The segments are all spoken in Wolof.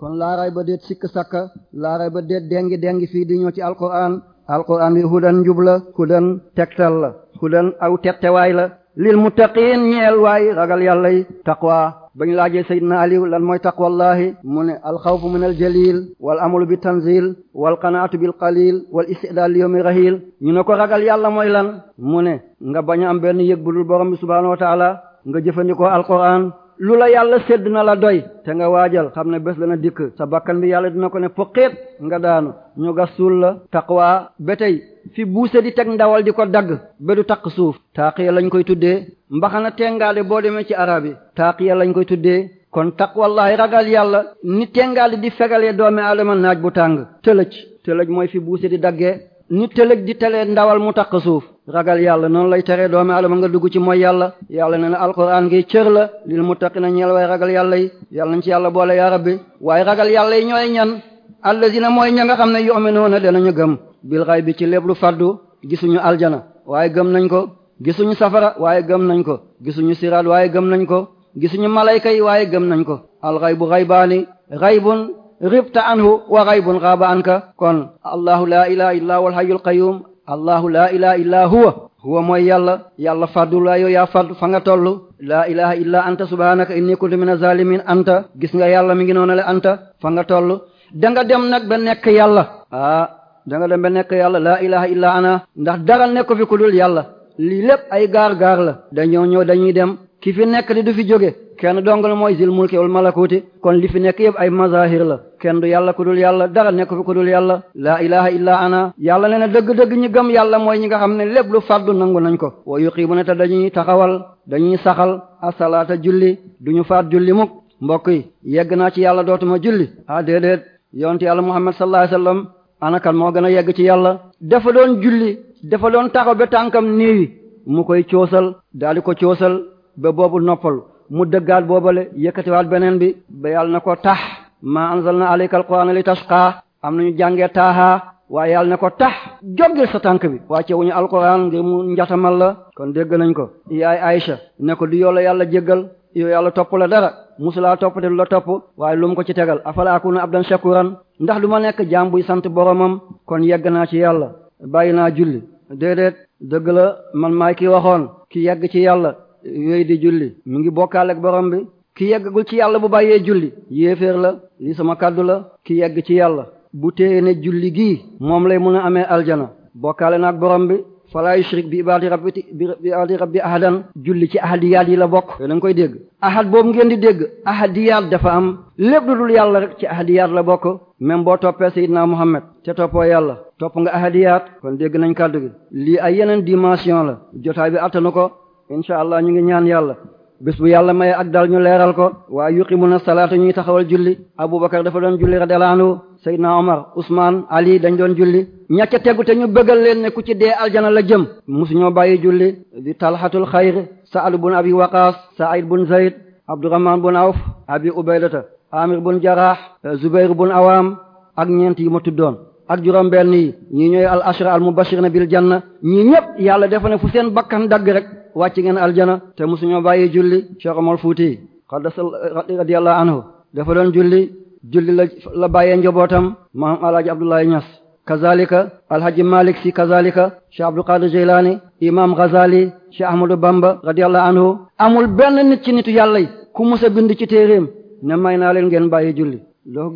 kon laaray ba déet sikk sakka laaray ba déet dengi dengi fii di ñëw ci alquran alquran wi hudan njub la hudan tegtal la hudan aw tettewaay la lil muttaqiin ñeel waay ragal yàlla yi taqwa bañ laajee sayyidina aliw lan mooy taqwallahi mu ne alxawfu min al jalil wal amalu bi tanzil wal qanaatu bil qalil wal istidaal li yawmi ñu ne ko ragal yàlla mooy lan mu ne nga bañ am benn yëg bu borom bi subhaanahu wa taala nga jëfandikoo alquran lu la yàlla sedd na la doy te nga waajal xam ne bés la na dikk sa bakkan bi yàlla dina ko ne foqeet nga daanu ñu gas suul la taqwa ba tey fi buuse di teg ndawal di ko dagg ba du taq suuf taaqiya lañ koy tuddee mbaxana tengaade boo demee ci arab yi taaqiya lañ koy tuddee kon taqwallahi ragal yàlla ni tengaade di fegalee doomi aadama naaj bu tàng tëlëj tëlëj mooy fi buuse di daggee ni tëlëg di telee ndawal mu takk suuf ragal yàlla noonu lay teree doomi adama nga dugg ci mooy yàlla yàlla ne na alquran gi cër la lil muttaqina ñeel waaye ragal yàlla yi yàlla nañ ci yàlla boole yaa rabbi waaye ragal yàlla yi ñooy ñan allazina mooy ña nga xam ne yu'minuuna danañu gëm bil ray bi ci lépp lu faddu gisuñu aljana waaye gëm nañ ko gisuñu safara waaye gëm nañ ko gisuñu siraat waaye gëm nañ ko gisuñu malayka yi waaye gëm nañ ko ribta anhu wa raybun xaaba anka kon allahu laa ilaha illaa wal hayyul qayyum allahu laa ilaha illaa huwa huwa mooy yàlla yàlla fàddu laa yow yaa fàddu fa nga toll laa ilaha illaa anta subhanaka inni kuntu mina zalimin anta gis nga yàlla mi ngi noonale anta fa nga toll da nga dem nag ba nekk yàlla ah da dem ba nekk yàlla laa ilaha illaa ana ndax dara nekk fi ku yàlla lii lépp ay gaar gaar la dañoo ñëw dañuy dem ki fi nekk di du fi jóge kenn dongal mooy zil mulki wal malakuti kon li fi nekk yëpp ay mazahir la kenn du yàlla ku dul yàlla dara nekk fi ku dul yàlla laa ilaha illa ana yàlla nee na dëgg-dëgg ñi gëm yàlla mooy ñi nga xam ne lépp lu faddu nangu nañ ko wa yuqimuna te dañuy taxawal dañuy saxal asalaata julli duñu faat julli mukk mbokk yi yegg naa ci yàlla dootuma julli a déedéet yonte yàlla muhammad sallallahu alayhi wasallam ana kan moo gën a yegg ci yàlla dafa doon julli dafa doon taxaw ba tànkam néewi mu koy coosal daal di ko coosal ba boobu noppalu mu dëggaat boobale yëkkatiwaat beneen bi ba yàlla na ko tax maa anzalna alayka alqur'ana li tashqa am nañu jàngee taaha waaye yàlla na ko tax jógil sa tànk bi wàcce wuñu alqur'an ngir mu njatamal la kon dégg nañ ko ay Aïcha ne ko di yoo la yàlla jéggal yoo yàlla topp la dara musulaa topp te la topp waaye lu ko ci tegal afala akuna abdan shakuran ndax du ma nekk jaam buy sant boromam kon yegg naa ci yàlla bàyyi naa julli déedéet dëgg ci yàlla yooyu di julli mi ngi bokkaale ak borom bi ki yeggagul ci yàlla bu bàyyee julli yéeféer la lii sama kàddu la ki yegg ci yàlla bu téye ne julli gii moom lay mën a amee aljana bokkaale na ak borom bi fala yushrik bi ibadi rabbi bi ibadi rabbi ahadan julli ci ahadiyaat yi la bokk yooyu da nga koy dégg ahad boobu ngeen di dégg ahadiyaat dafa am lépp lu dul yàlla rek ci ahadiyaat la bokk même boo toppee sayidna muhammad te toppoo yàlla topp nga ahadiyaat kon dégg nañ kàddu gi lii ay yeneen dimension incha allah ñu ngi ñaan yàlla bés bu yàlla maye ak dal ñu leeral ko waa waaye yuqimuna salaata ñuy taxawal julli abubakar dafa doon julli radiyallahu anhu seydina omar usman ali dañ doon julli ñacca tegu te ñu bëggal leen ne ku ci dee aljana la jëm musu ñoo bàyyi julli di talhatul xayr saad bun abi waqaas said bun zayd abdurahman bun awf abi ubaydata amir bun jarah zubair bun awam ak ñeent yi ma tuddoon ak juróom benn yi ñii ñooy al ashra al mubashirina bil janna ñii ñëpp yàlla dafa ne fu seen bakkan dagg rek wàcc ngeen aljana te musuñoo bàyyi julli Cheikh Omar Fouti xaddasa radiyallahu anhu dafa doon julli julli la la bàyyee njabootam maam alaaji Abdoulaye Niass kazalika alhaji Malik si kazalika Cheikh Abdul Qadir Jilani imam Ghazali Cheikh Ahmadou Bamba radiyallahu anhu amul benn nit ci nitu yàlla yi ku musa bind ci téeréem na may naa leen ngeen bàyyi julli doo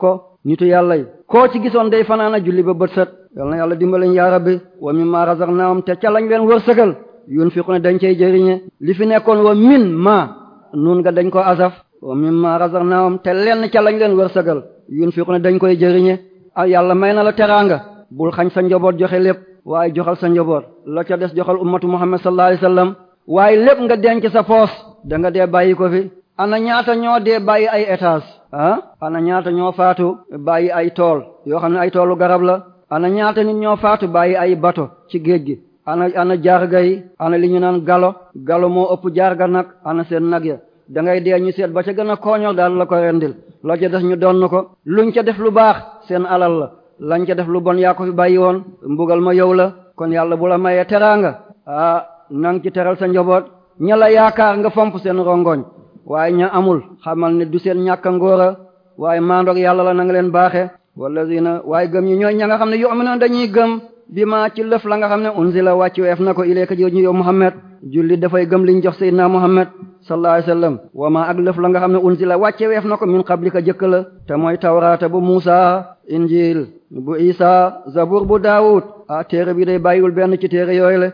ko nitu yàlla yi koo ci gisoon day fanaana julli ba bët yalla yal na yàlla dimbalañ yaa rabbi wa mimma razaqnaahum te ca lañ leen wërsëgal yunfiquna dañ cey jëriñe li fi nekkoon wa min ma nun nga dañ ko asaf wa mimma razaqnaahum te lenn ca lañ leen wërsëgal yunfiquna dañ koy jëriñe ah yàlla may na la teraanga bul xañ sa njoboot joxe lépp waaye joxal sa njaboot la ca des joxal ummatu muhammad sallallahu alayhi wasallam waaye lépp nga denc sa poos da nga dee bàyyi ko fi ana ñaata ñoo dee bàyyi ay étage ah ana ñaata ñoo faatu bàyyi ay tool yoo xam ne ay toolu garab la ana ñaata nit ñoo faatu bàyyi ay bato ci géej gi ana ana jaarga yi ana li ñu naan galo galo moo ëpp jaarga nag ana seen nag ya da ngay dee ñu seet ba ca gën a kooñor daal la ko rendil loo ca def ñu donn ko luñ ca def lu baax seen alal la lañ ca def lu bon yaa ko fi bàyyi woon mbugal ma yow la kon yàlla bu la mayee teraanga ah nang ci teral sa njaboot ña yaakaar nga fomp seen rongoñ waaye ña amul xamal ne du seen ñàkk a ngóora waaye maandoog yàlla la na nga leen baaxe wallazina waaye gëm ñi ñooy ña nga xam ne yu'minuna dañuy gëm bi maa ci lëf la nga xam ne unzila wàcc weef na ko ilayka jooju yow Muhammad jullit dafay gëm liñ jox Seydina Muhammad sallallahu alayhi wasallam wa ma ak lëf la nga xam ne unzila wàcce weef na ko min qablika jëkk la te mooy tawraata bu Muusa injil bu Isa zabur bu Daawud ah téere bi day bàyyiwul benn ci téere yooyu la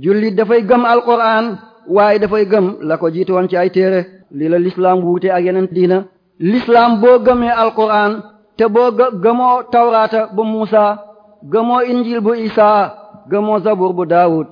jullit dafay gëm alquran waaye dafay gëm la ko jiitoon ci ay téere lii la lislaam wuute ak yeneen diina lislaam boo gëmee alquran te boo gëmoo tawraata bu muusa gëmoo injil bu isaa gëmoo zabur bu daawud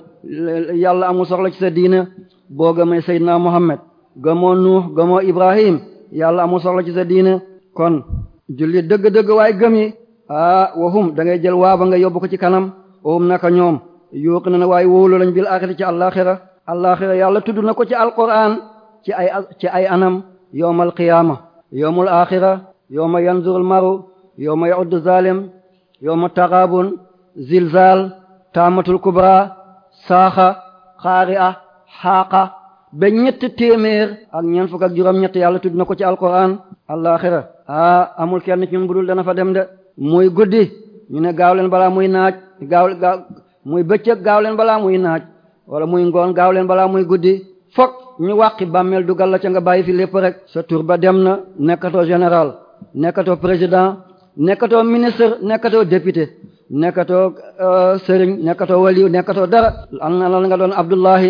yàlla amul soxla ci sa diina boo gëmee seydina muhammad gëmoo nuux gëmoo ibrahim yàlla amul soxla ci sa diina kon julli dëgg-dëgg waaye gëm yi ah waxum da ngay jël waaba nga yóbbu ko ci kanam waxum naka ñoom yooq na na waaye wóolu lañ bil axira ci àllaaxira àllaaxira yàlla tudd na ko ci alquran ci ay ci ay anam yawmal qiyaama yawmul aaxira yawma yanzurul maru yawma ya'uddu zaalim yawma taghaabun zilzaal taamatul kubra saaxa xaari'a xaaqa ba ñett téeméer ak ñeent fukk ak juróom ñett yàlla tudd ko ci alquran alaaxira aa amul kenn ci ñun budul dana fa dem de muy guddi ñu ne gaaw leen balaa muy naaj gaaw gaaw muy bëccëg gaaw balaa muy naaj wala muy ngoon gaaw balaa muy guddi fokk ñu wàqi bàmmeel dugalla la ca nga bàyyi fi lépp rek sa tur ba dem na nekkatoo général nekkatoo président nekkatoo ministre nekkatoo député nekkatoo euh, sëriñ nekkatoo waliw nekkatoo dara an na la nga doon abdullahi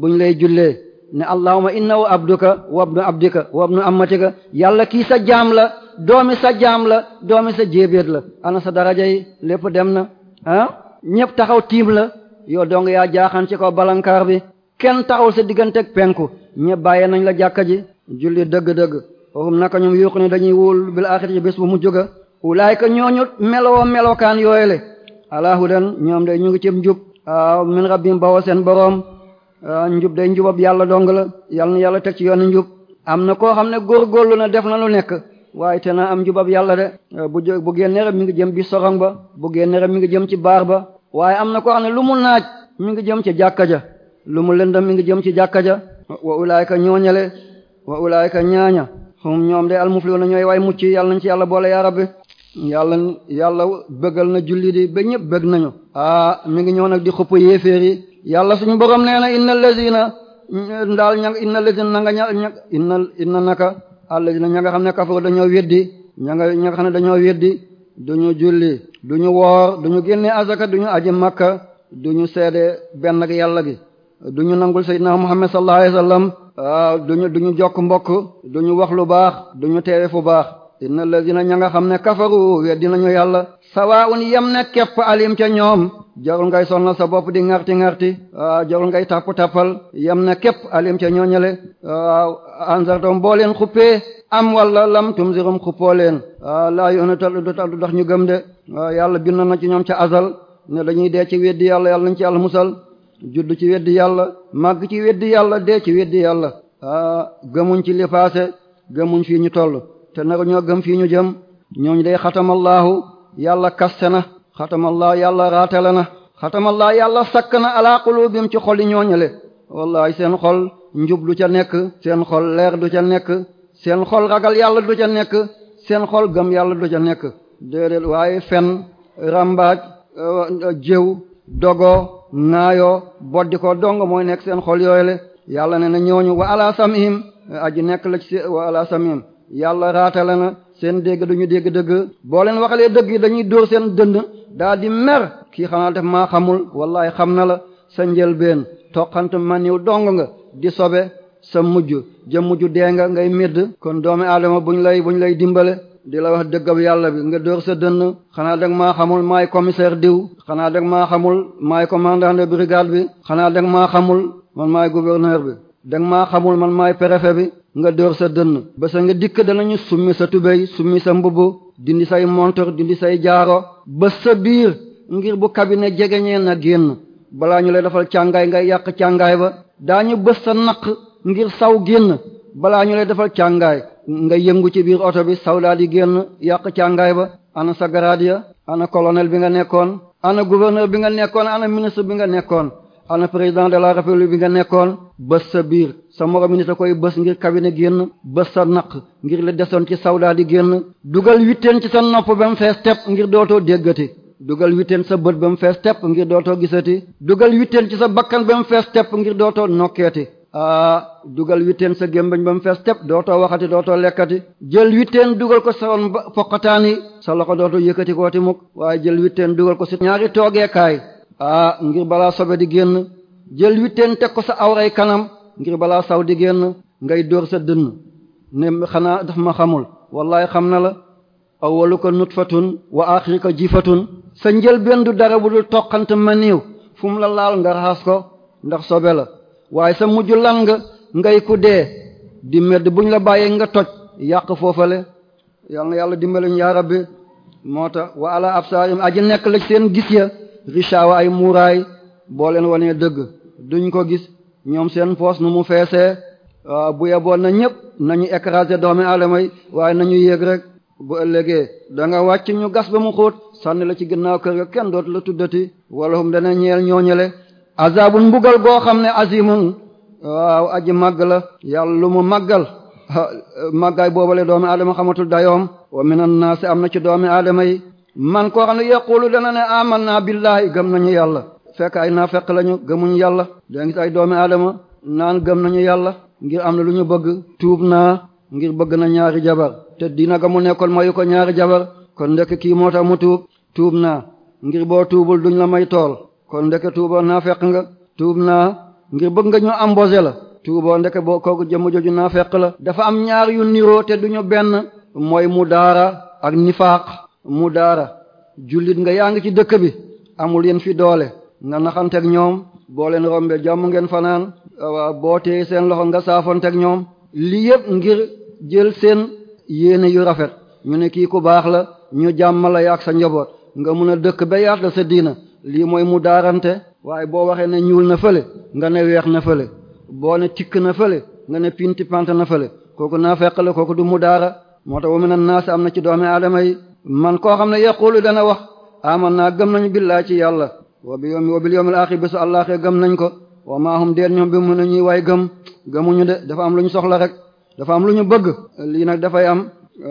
buñ lay jullee ne allahumma innahu abduka wabnu abdika wabnu amatika yàlla kii sa jaam la doomi sa jaam la doomi sa jéebéet la ana sa daraja yi lépp dem na ah ñëpp taxaw tiim la yow dong yaa jaaxan ci ko balankaar bi kenn taxawul sa digganteeg penku ñe bàyyee nañ la jàkka ji julli dëgg-dëgg foofu naka ñoom yuuq ni dañuy wóol bil axir ci bés bu mu jóga ulaayka ñooñu meloo melokaan yooyele ala hudan ñoom day ñu ngi cim njub min rabbim bawo seen boroom njub day njubab yàlla dong la yàlla na yàlla teg ci yoonu njub am na koo xam ne góor góorgóorlu na def na lu nekk waaye te na am njubab yàlla de bu jë bu génne rek mi ngi jëm bi sorong ba bu génne rek mi ngi jëm ci baar ba waaye am na koo xam ne lu mu naaj mi ngi jëm ci jàkka ja lu mu lëndam mi ngi jëm ci jàkka ja wa ulaayka ñooñale wa ulaayka ñaaña hum ñoom de almuflihuuna ñooy way mucc yàlla nañ ci yàlla boole yaa rabbi yàlla yàlla bëggal na julli di ba ñëpp bëgg nañu aa ah, mu ngi ñëw nag di xupp yéeféer yi yàlla suñu borom nee na inna lazina ndaal ña inna lazina na nga ña inna inna naka allazina ña nga xam ne kafaru dañoo weddi ña nga ña xam ne dañoo weddi duñu julli duñu woor duñu génne azaka duñu aji makka duñu seede benn ak yàlla gi du ñu nangul sayyidina Muhammad sallallahu alayhi wasallam waaw duñu du ñu jokk mbokk du ñu wax lu baax du ñu teewe fu baax di na ña nga xam ne kafaru dina nañu yàlla sawaun yam ne képp alim ca ñoom jarul ngay sonnal sa bopp di ŋarti ŋarti waaw jarul ngay tàpp-tàppal yam ne képp alim ca ñooñale waaw anzartum boo leen xuppee am wala lam tumzirum xuppoo leen waaw laa yoona tal du tal du ñu gëm de waaw yàlla bind na ci ñoom ca azal ne dañuy dee ci weddi yàlla yàlla nañ ci yàlla musal judd ci weddi yàlla màgg ci weddi yàlla dee ci weddi yàlla ah gëmuñ ci li passé gëmuñ fii ñu toll te nag ñoo gëm fii ñu jëm ñooñu day xatamallaahu yàlla kaste na xatamallaahu yàlla raatale na xatamallaahu yàlla sakk na ala qulubihim ci xol yi ñooñale wallahi seen xol njub du ca nekk seen xol leer du ca nekk seen xol ragal yàlla du ca nekk seen xol gëm yàlla du ca nekk déedéet waaye fen rambaaj euh, jéw dogo ŋaayoo boddi ko dong mooy nekk seen xol yooyu le yàlla ne na ñooñu wa ala samihim aji nekk la ci wa ala samihim yàlla raatale na seen dégg duñu dégg dëgg boo leen waxalee dëgg yi dañuy dóor seen dënd daa di mer kii xanaa def maa xamul wallahi xam na la sa njëlbeen toqant maniw dong nga di sobe sa mujj ja mujj dee nga ngay medd kon doomi aadama buñ lay buñ lay dimbale di la wax dëgg ab yàlla bi nga dóor sa dënn xanaa dag maa xamul maay commissaire diw xanaa dag maa xamul maay commandant de brigade bi xanaa dag maa xamul man maay gouverneur bi dag maa xamul man maay préfet bi nga dóor sa dënn ba sa nga dikk danañu summi sa tubéy summi sa mbubb dindi say montor dindi say jaaro ba sa biir ngir bu cabinet jegeñee na génn balaa ñu lay defal càngaay ngay yàq càngaay ba daañu bës sa naq ngir saw génn balaa ñu lay defal càngaay nga yëngu ci biir oto bi sawlaa di génn yàq càngaay ba ana sa grade ya ana colonel bi nga nekkoon ana gouverneur bi nga nekkoon ana ministre bi nga nekkoon ana président de la république bi nga nekkoon bës sa biir sa moromi nit a koy bës ngir kabine génn bës sa naq ngir la desoon ci sawlaa di génn dugal witteen ci sa nopp ba mu fees tepp ngir dootoo déggati dugal witteen sa bët ba mu fees tepp ngir dootoo gisati dugal witteen ci sa bakkan ba mu fees tepp ngir dootoo nokkeeti dugal witteen sa gémbañ ba mu fees tëb dootoo waxati dootoo lekkati jël witteen dugal ko sa woon poqataan yi sa loxo dootoo yëkkati kooti mukk waaye jël witteen dugal ko si ñaari toogeekaay ah ngir balaa sobe di génn jël witteen teg ko sa awray kanam ngir balaa saw di génn ngay dóor sa dënn bi xanaa daf ma xamul wallaay xam na la awwaluka nutfatun wa aaxiruka jifatun sa njël benn du dara bu dul toqante maniw fu mu la laal nga raxas ko ndax sobe la waaye sa mujj lan nga ngay ku dee di medd buñ la bàyyee nga toj yàq foofale yal yàlla dimbali ñu bi moo tax wa ala absarim aji nekk la seen gis ya richawa ay muuraay boo leen wanee dëgg duñ ko gis ñoom seen poos nu mu feesee bu yeboon na ñëpp nañu écraser doomi aadama yi waaye nañu yéeg rek bu ëllëgee da nga wàcc ñu gas ba mu xóot sànni la ci ginnaaw kër ga kenn dootu la tuddati walahum dana ñeel ñooñale azabun mbugal goo xam ne azimun waaw aji màgg la yàlla lu mu màggal màggaay boobale doomi aadama xamatul dayoom wa minan naasi am na ci doomi aadama yi man koo xam ne yaqulu dana ne naa billahi gëm nañu yàlla fekk ay naa naafeq lañu gëmuñ yàlla da ngis ay doomi aadama naan gëm nañu yàlla ngir am na lu ñu bëgg tuub naa ngir bëgg na ñaari jabar te dina ga mu nekkoon mayu ko ñaari jabar kon ndekk kii moo tax mu tuub tuub naa ngir boo tuubul duñ la may tool kon ndeke tuuboo naa fekk nga tuub naa ngir bëgg nga ñu embauché la tuuboo ndeke boo kooku jëmm jooju naa fekk la dafa am ñaar yu niroo te du duñu benn mooy mu daara ak nifaaq mu daara jullit nga yaa ngi ci dëkk bi amul yéen fi doole nga naxanteeg ñoom boo leen rombe jàmm ngeen fanaan waaw boo téye seen loxo nga saafonteeg ñoom lii yëpp ngir jël seen yéene yu rafet ñu ne kii ku baax la ñu jàmmala ak sa njoboot nga mun a dëkk ba yaatal sa diina lii mooy mu daarante waaye boo waxee ne ñuul na fële nga ne weex na fële boo ne tikk na fële nga ne pinti pante na fële kooku naa feq la kooku du mu daara moo tax wa mina naas am na ci doomi aadama yi man koo xam ne yaqulu dana wax aman naa gëm nañu billaa ci yàlla wa bi yawmi wa bil yawmil aaxir bésu àllaaxee gëm nañ ko wa maa hum deen ñoom bi mu ne ñuy waay gëm gëmuñu de dafa am lu ñu soxla rek dafa am lu ñu bëgg lii nag dafay am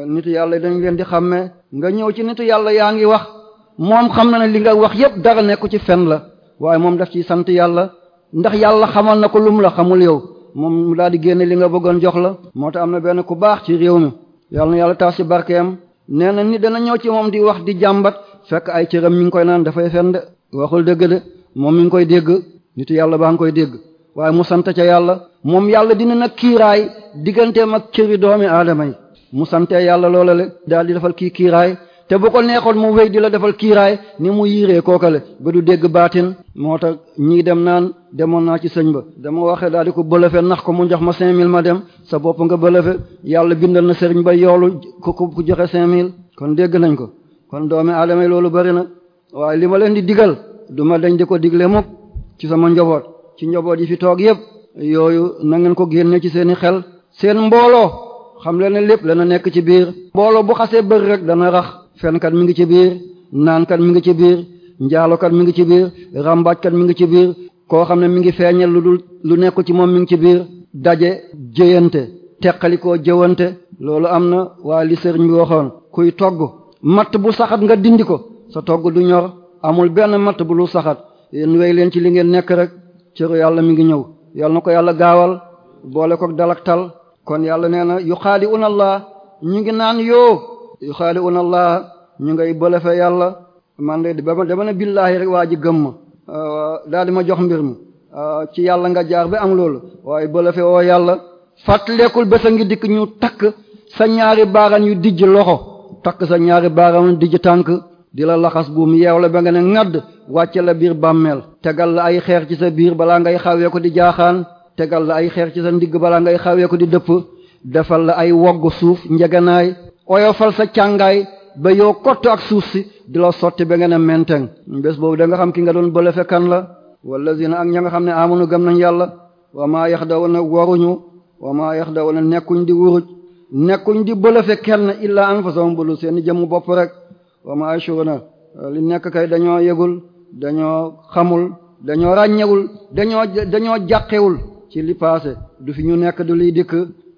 nit yàlla dañ leen di xàmmee nga ñëw ci nitu yàlla yaa ngi wax moom xam na na li nga wax yépp dara nekku ci fen la waaye moom def ci sant yàlla ndax yàlla xamal na ko lum la xamul yow moom mu daal di génne li nga bëggoon jox la moo tax am na benn ku baax ci réew mi yàlla na yàlla taas ci barkeem nee na ni dana ñëw ci moom di wax di jàmbat fekk ay cëram mi ngi koy naan dafay fen de waxul dëgg de moom mi ngi koy dégg nitu yàlla baa ngi koy dégg waaye mu sant ca yàlla moom yàlla di dina nag kiiraay digganteem ak cëri doomi aadama mu santee yàlla loolale daal di defal kii kiiraay te bu ko neexoon mu wéy di la defal kiiraay ni mu yiiree kookale ba du dégg baatin moo tax ñii dem naan demoon naa ci sëñ ba dama waxe daal di ko bëlëfe nax ko mu jox ma cinq mille ma dem sa bopp nga bëlëfe yàlla bindal na sëriñ ba yoolu ku ku joxe cinq mille kon dégg nañ ko kon doomi aadama yi loolu bari na waaye li ma leen di digal du ma deñ di ko digle mukk ci sama njaboot ci njaboot yi fi toog yépp yooyu na ngeen ko génne ci seeni xel seen mbooloo xam leen ne lépp lana nekk ci biir mbooloo bu xasee bëri rek dana rax fenkat mi ngi ci biir naankat mi ngi ci biir njaalokat mi ngi ci biir mi ngi ci koo xam ne mi ngi feeñal lu dul lu nekk ci moom mi ngi ci biir daje jëyante teqalikoo jëwante loolu am na waa li sëriñ bi waxoon kuy togg mat bu saxat nga dindi ko sa togg du ñor amul benn matt bu lu saxat yéen wey leen ci li ngeen nekk rek cëru yàlla mi ngi ñëw yàlla na ko yàlla gaawal boole ko dalak tal kon yàlla nee na yu xaadi unallaa ñu ngi naan yoo yu xaadi'una allah ñu ngay bëlefe yàlla man de ba dama ne billaahi rek waa ji gëm ma daal di ma jox mbir mi ci yàlla nga jaar bi am loolu waaye bëlefe woo yàlla fàttalekul bés a ngi dikk ñu takk sa ñaari baaran yu dijj loxo takk sa ñaari baaram yu dijj tànk di la laxas buum yeew la ba nga ne ŋadd wàcce la biir bàmmeel tegal la ay xeer ci sa biir balaa ngay xawee ko di jaaxaan tegal la ay xeer ci sa ndigg balaa ngay xawee ko di dëpp defal la ay wogg suuf njeganaay oyofal sa càngaay ba yow kott ak suuf si di la sotti ba ngeen a menteng bés boobu da nga xam ki nga doon bële fekkan la wallazina ak ña nga xam ne amunu gëm nañ yàlla wa maa yaxdawna waruñu wa maa yaxdawna nekkuñ di wuruj nekkuñ di bële fekk kenn illaa anfusahum bulu seen jëmm bopp rek wa maa na li nekk kay dañoo yegul dañoo xamul dañoo ràññewul dañoo dañoo jàqewul ci li passé du fi ñu nekk du liy dikk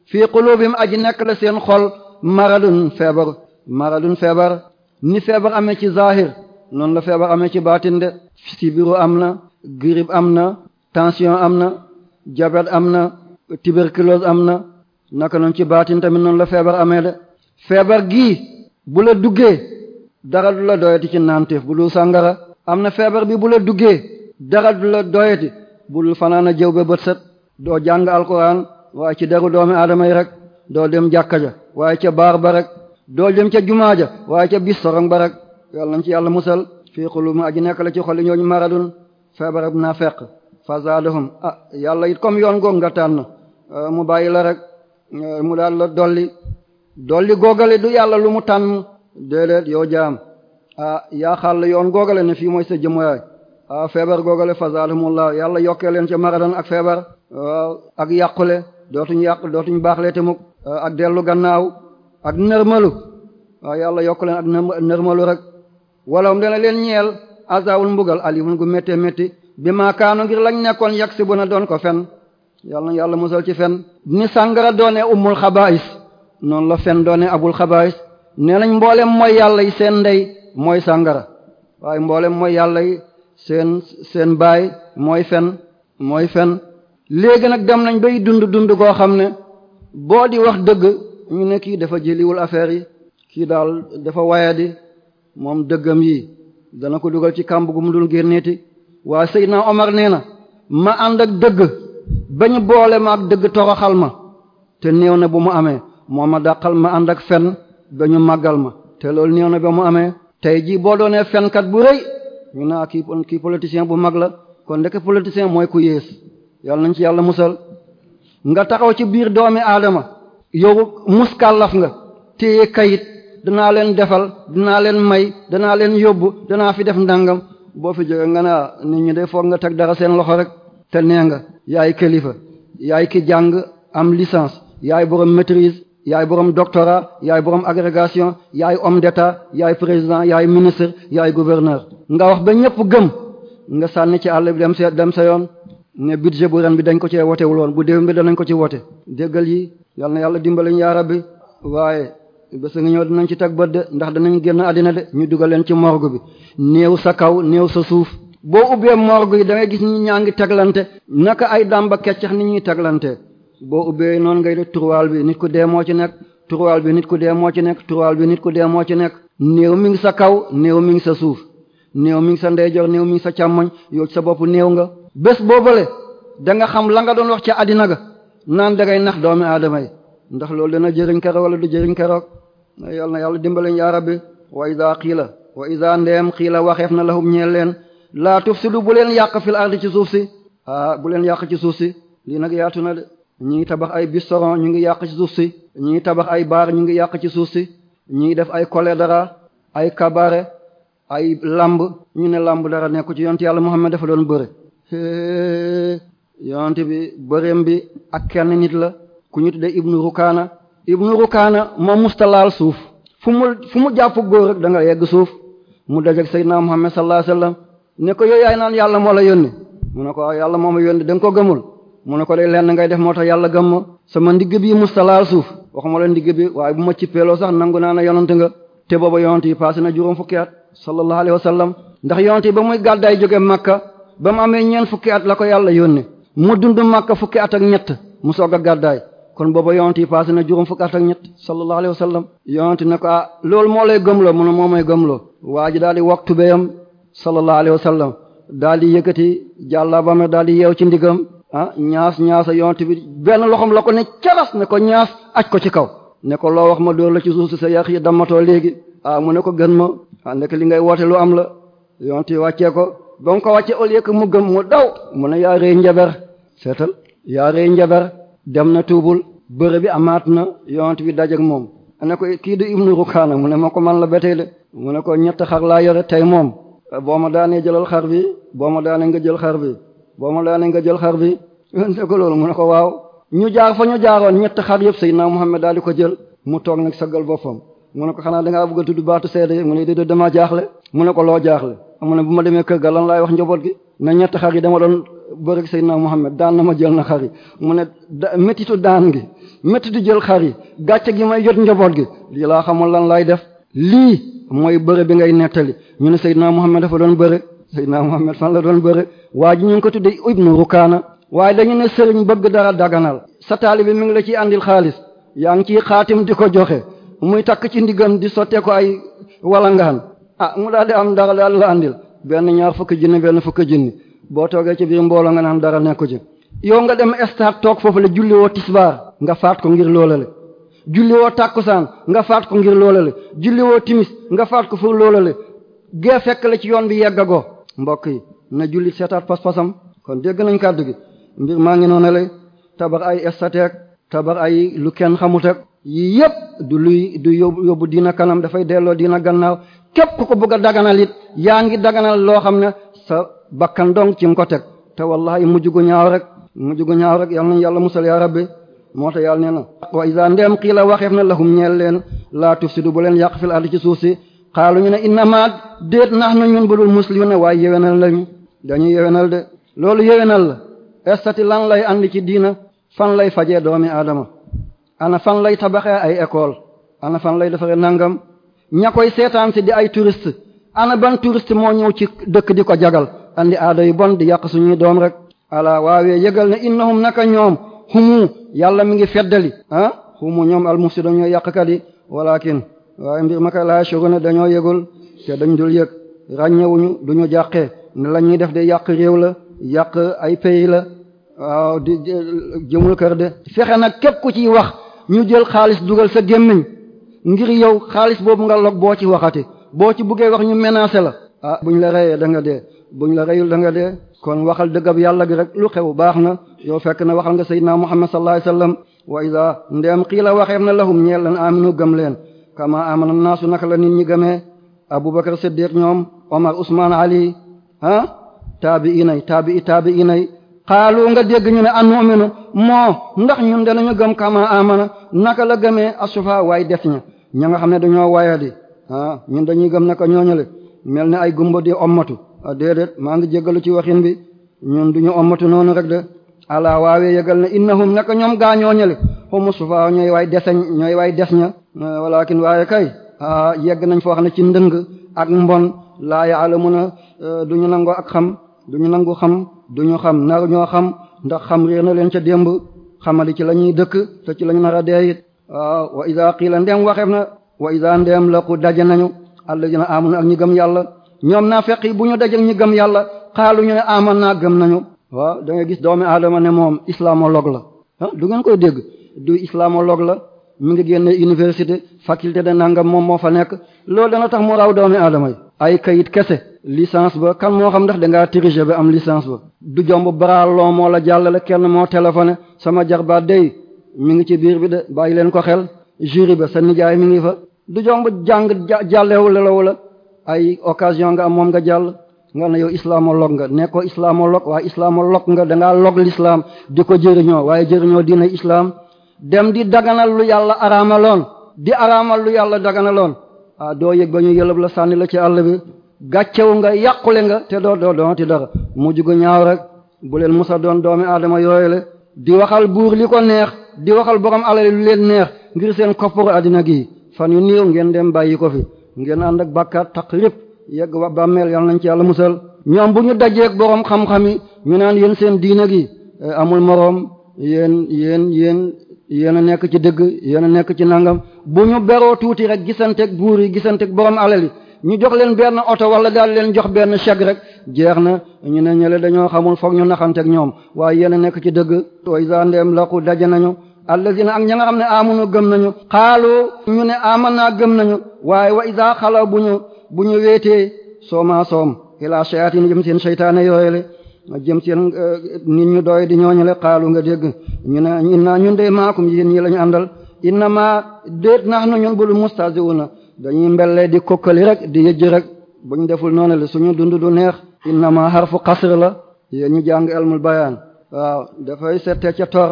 fii qulubim aji nekk la seen xol maradun feebar maradun feebar ni feebar amee ci zahir noonu la feebar amee ci baatin de sibiru am na grippe am na tension am na diabète am na tuberculose am na naka noon ci baatin tamit noonu la feebar amee de feebar gii bu la duggee dara du la doyati ci naanteef bu dul sàngara am na feebar bi bu la duggee dara du la doyati bul fanaana jëw ba set doo jàng alquran waaye ci deru doomi aadama yi rek doo dem jàkka ja waaye ca baar ba rek doo dem ca jumaa ja waaye ca bis sorong ba rek yàlla nañ ci yàlla musal fii xulum aji nekk la ci xoli ñooñu feebar feebarab naa feq fazaadahum ah yàlla it comme yoon goog nga tànn ah, mu bàyyi la rek ah, mu daal la dolli dolli googale du yàlla lu mu tànn déedéet yow jaam ah yaa xàll yoon googale ne fii mooy sa jëmwaay ah feebar googale fazaadahumullah yàlla yokkee leen ca maradan ak feebar waaw ak yàqule dootuñ yàq dootuñ baaxlee Euh, ak dellu gannaaw ak nërmalu waaw yàlla yokk leen ak nërmalu rek wala mu dana leen ñeel azawul mbugal alimun gu méttee métti bi maakaanu ngir lañ nekkoon yàgg si bu na doon ko fen yàlla na yàlla musal ci fen ni sàngara doone umul xabaais noonu la fen doone abul xabaais nee nañ mboolem mooy yàlla yi seen ndey mooy sàngara waaye mboolem mooy yàlla yi seen seen baay mooy fen mooy fen léegi nag dem nañ bay dund dund koo xam ne boo di wax dëgg ñu ne kii dafa jëliwul affaire yi kii daal dafa wayadi moom dëggam yi dana ko dugal ci kàmb gu mu dul génneeti waa Seydina Omar nee na ma ànd ak dëgg bañ boole ma ak dëgg toroxal ma te néew na bu mu amee moo ma dàqal ma ànd ak fen ba ñu màggal ma te loolu néew na ba mu amee tey jii boo doonee fenkat bu rëy ñu naa kii kii politicien bu mag la kon ndeke politicien mooy ku yées yàlla nañ ci yàlla musal nga taxaw ci biir doomi aadama yow muskàllaf nga téye kayit danaa leen defal danaa leen may danaa leen yóbbu danaa fi def ndàngam boo fi jógee nga naa ah, nit ñi de foog nga teg dara seen loxo rek te nee nga yaay kilifa yaay ki jàng am licence yaay borom maîtrise yaay borom doctorat yaay borom agrégation yaay om d'état yaay président yaay ministre yaay gouverneur nga wax ba ñëpp gëm nga sànni ci àll bi dem sa dem sa yoon ne budget bu ren bi dañ ko cee wotewul woon bu déwén bi danañ ko ci wote déggal yi yal na yàlla dimbali yaa bi waaye bés nga ñëw dinañ ci teg bët de ndax danañ génn àddina de ñu dugal leen ci morgue bi néew sa kaw néew sa suuf boo ubbee morgue yi da ngay gis ñi ñaa ngi taglante naka ay damba keccax ni ñuy taglante boo ubbee noonu ngay def turwaal bi nit ku dee moo ci nekk turwaal bi nit ku dee moo ci nekk turwaal bi nit ku dee moo ci nekk néew mi ngi sa kaw néew mi ngi sa suuf néew mi ngi sa ndeyjoor néew mi ngi sa càmmoñ sa bopp néew nga bés boobale da nga xam la nga doon wax ca àddina ga naan da nax doomi aadama yi ndax loolu dana jëriñ keroog wala du jëriñ keroog yal na yàlla dimbaleñ yaa rabbi wa iza qiila wa iza ndeem qiila waxeef na lahum ñeel leen laa tufsidu bu leen yàq fil ardi ci suuf si ah bu leen yàq ci suuf si lii nag yaatu na de ñu ngi tabax ay bistoron ñu ngi yàq ci suuf si ñu ngi tabax ay baar ñu ngi yàq ci suuf si ñu ngi def ay dara ay kabare ay lamb ñu ne lamb dara nekku ci yonte yàlla Muhammad dafa doon bëre yonent bi bërëm bi ak kenn nit la ku ñu tuddee ibnu rukaana ibnu rukaana moom laal suuf fu mu fu mu jàpp góor rek da nga yegg suuf mu dajeg sayyidina muhammad sallallahu alayhi wasallam ne ko yooyu yaay naan yàlla moo la yónni mu ne ko waaw yàlla moo ma yónni da nga ko gëmul mu ne ko day lenn ngay def moo tax yàlla gëm ma sama ndigg bi laal suuf waxuma la ndigg bi waaye bu ma cippeeloo sax nangu naan ne yonent nga te booba yonent yi na juróom fukki at sallallahu ba mu amee ñeent fukki at la ko yàlla yónnee mu dund màkka fukki at ak ñett mu soog a gàddaay kon booba yonent yi passé na juróom fukki at ak ñett sallallahu alayhi wa sallam yonent ne ko ah loolu moo lay gëmloo mu ne moo may gëmloo waa ji daal di waktu beyam sallallahu alayhi wa daal di yëkkati jàllaabam daal di yeew ci ndigam a ah, ñaas ñaasa yonent bi benn loxom la ko ne caras ne ko ñaas aj ko ci kaw ne ko loo wax ma dóor la ci suuf si sa yàq yi dammatoo léegi ah, mu ne ko gën ma ah nekk li ngay woote lu am la yonent yi wàccee ba mu ko wàcce au lieu mu gëm mu daw mu na yaa rëy njabar seetal yaa rëy njabar dem na tuubul bërë bi amaat na yonent bi dajak moom ne ko kii du ibnu xaana mu ne ma ko man la betey de mu ne ko ñett xar laa yore tey moom boo ma daanee jëlal xar bi boo ma daanee nga jël xar bi boo ma daanee nga jël xar bi ne ko loolu mu ne ko waaw ñu jaar fa ñu jaaroon ñett xar yëpp Seydina Muhammad daal di ko jël mu toog nag sagal boppam mu na xanaa da ngaa bëgg a tudd baatu seede mu ne déedéet dama jaaxle mu ne ko loo jaaxle mu ne bu ma demee kër ga lan laay wax njaboot gi na ñett xar yi dama doon bërëg Seydina Muhammad daan na ma jël na xar yi mu ne métitu daan gi métti di jël xar yi gàcce gi may jot njaboot gi lii laa xamul lan laay def lii mooy bëre bi ngay nettali ñu ne Seydina Muhammad dafa doon bëre Seydina Muhammad fan la doon bëre waa ji ñu ngi ko tuddee Ibnu Rukaana waaye dañu ne sëriñ bëgg dara daganal sa taali bi ngi la ciy àndil xaalis yaa ngi ciy xaatim di ko joxe muy takk ci ndigam di sottee ko ay walangaan ah mu daal di am dara daal la andil benn ñaar fukki junni benn fukki junni boo toogee ci biir mbooloo nga naan dara nekku ci yow nga dem stade toog foofu la julli woo tisbaar nga faat ko ngir loolale julli woo tàkkusaan nga faat ko ngir loolale julli woo timis nga faat ko fur loolale gee fekk la ci yoon bi yeggagoo mbokk yi na julli seetaat pas-pasam kon dégg nañ kàddu gi mbir maa ngi noonu lay tabax ay estateek tabax ay lu kenn xamuteek yii yépp du luy du yóbbu yóbbu diina kanam dafay delloo diina gannaaw képp ku ko bëgg a daganal yaa ngi daganal loo xam ne sa bakkan dong ci nga ko teg te wallahi mujj gu ñaaw rek mujj gu ñaaw rek yal nañu yàlla musal yaa rabbi moo tax yàlla nee na wa isa ndem qiila waxeef na lahum ñeel leen laa tufsidu bu leen yàq fil ardi ci suuf si xaalu ñu ne innama déet nax na ñun budul ne waaye yewenal ñu dañuy yewenal de loolu yewenal la estati lan lay andi ci diina fan lay fajee doomi aadama ana fan lay tabaxee ay école ña koy seetaan si di ay touriste ana ban touriste moo ñëw ci dëkk di ko jagal andi aada yu bon di yàq suñuy doom rek ala waawee yëgal ne innahum naka ñoom humu yàlla mi ngi feddali ah humu ñoom almufsi dañoo yàqkat yi walakin waaye mbir ma kay laa shuruna dañoo yëgul te dañ dul yëg ràññewuñu duñu jàqee ne la ñuy def de yàq réew la yàq ay pays la waaw di jëmul kër de fexe nag képp ku ciy wax ñu jël xaalis dugal sa gémmiñ ngir yow xaalis boobu nga log boo ci waxati boo ci buggee wax ñu menacé la ah buñ la reyee da nga dee buñ la reyul da nga dee kon waxal dëggab yàlla gi rek lu xew baax na yow fekk na waxal nga sayyidina muhammad sallallahu alayhi wasallam wa iza ndeem qiila waxeef na lahum ñeel lan aminu gëm leen kama amana naasu naka la nit ñi gëmee abubakar siddiq ñoom omar usman ali ah taabi inay taabi taabi xaalu nga dégg ñu ne na moo ndax ñun danañu gëm kama amana naka la gëmee asufa waay des ña ña nga xam ne dañoo wayadi ah ñun dañuy gëm naka ñooñale mel ni ay gumba di ommatu ah, déedéet maa ngi jéggalu ci waxin bi ñun duñu ommatu noonu rek de ala waawee na ne innahum naka ñoom gaa ñooñale xumu sufa ñooy waay deseñ ñooy waay des ña ah, walakin waaye kay a ah, yegg nañ foo xam ne ci ndëng ak mbon laa ya'lamuna duñu nangoo ak xam duñu nangu xam duñu xam nar ñoo xam ndax xam réer na leen ca démb xamali ci la ñuy dëkk te ci la ñu nar a dee it waaw wa iza qila ndem waxeef na wa iza ndem laqu daje nañu alladina amanu ak ñi gëm yàlla ñoom naa fekk bu ñu daje ak ñi gëm yàlla xaalu ñu ne aman naa gëm nañu waaw da ngay gis doomi aadama ne moom islaamoloog la ah du ngeen koy dégg du islamologue la mi ngi génne université faculté de nangam moom moo fa nekk loolu dana tax mu raw doomi aadama yi ay kayit kese licence ba kan moo xam ndax dangaa tricher ba am licence ba du jomb baraaloo moo la jàllale kenn moo téléphoné sama jarbaat day mi ngi ci biir bi de bàyyi leen ko xel jury ba sa nijaay mi ngi fa du jomb jàng jàllewula lawu la ay occasion nga am moom nga jàll nga ne yow islamologue nga nekkoo islamologue waaye islamologue nga dangaa log l'islam di ko jëriñoo waaye jëriñoo diina islam dem di daganal lu yàlla araamaloon di araamal lu yàlla daganaloon ah doo yëg ba ñu yëlëb la sànni la ci àll bi gàccewu nga yàqule nga te doo doo doonati dara mujj gu ñaaw rek bu leen musa doon doomi aadama yooyu la di waxal buur li ko neex di waxal borom alal lu leen neex ngir seen kopparu àddina gi fan yu néew ngeen dem bàyyi ko fi ngeen ànd ak bàkkaat taq rëpp yegg ba bàmmeel yal nañ ci yàlla musal ñoom bu ñu dajeeg borom xam-xam yi ñu naan yéen seen diina gi eh, amul moroom yéen yéen yéen a nekk ci dëgg yéen a nekk ci nangam bu ñu beroo tuuti rek gisanteeg buur yi gisanteeg borom alal yi ñu jox leen benn oto wala daal leen jox benn chèque rek jeex na ñu ne ñële dañoo xamul foog ñu naxanteeg ñoom waaye yéen nekk ci dëgg way sa ndeem laqu daje nañu allazina ak ñan nga xam ne amunu gëm nañu xaalu ñu ne amanna gëm nañu waaye wa isa xala bu ñu bu ñu weetee sooma soom ilaa shayatin jëm seen seytaane yooyele jëm ci euh, nit ñu doy di ñooñu le xaalu nga dégg ñu ne inna ñun de maakum yéen ñi lañu àndal inna maa déet nax na ñun wu na dañuy mbelle di kokkali rek di yëjj rek bu ñu deful noonu le suñu dund du neex inna maa xarfu xasr la yéen ñu jàng elmul bayaan waaw dafay sette ca tor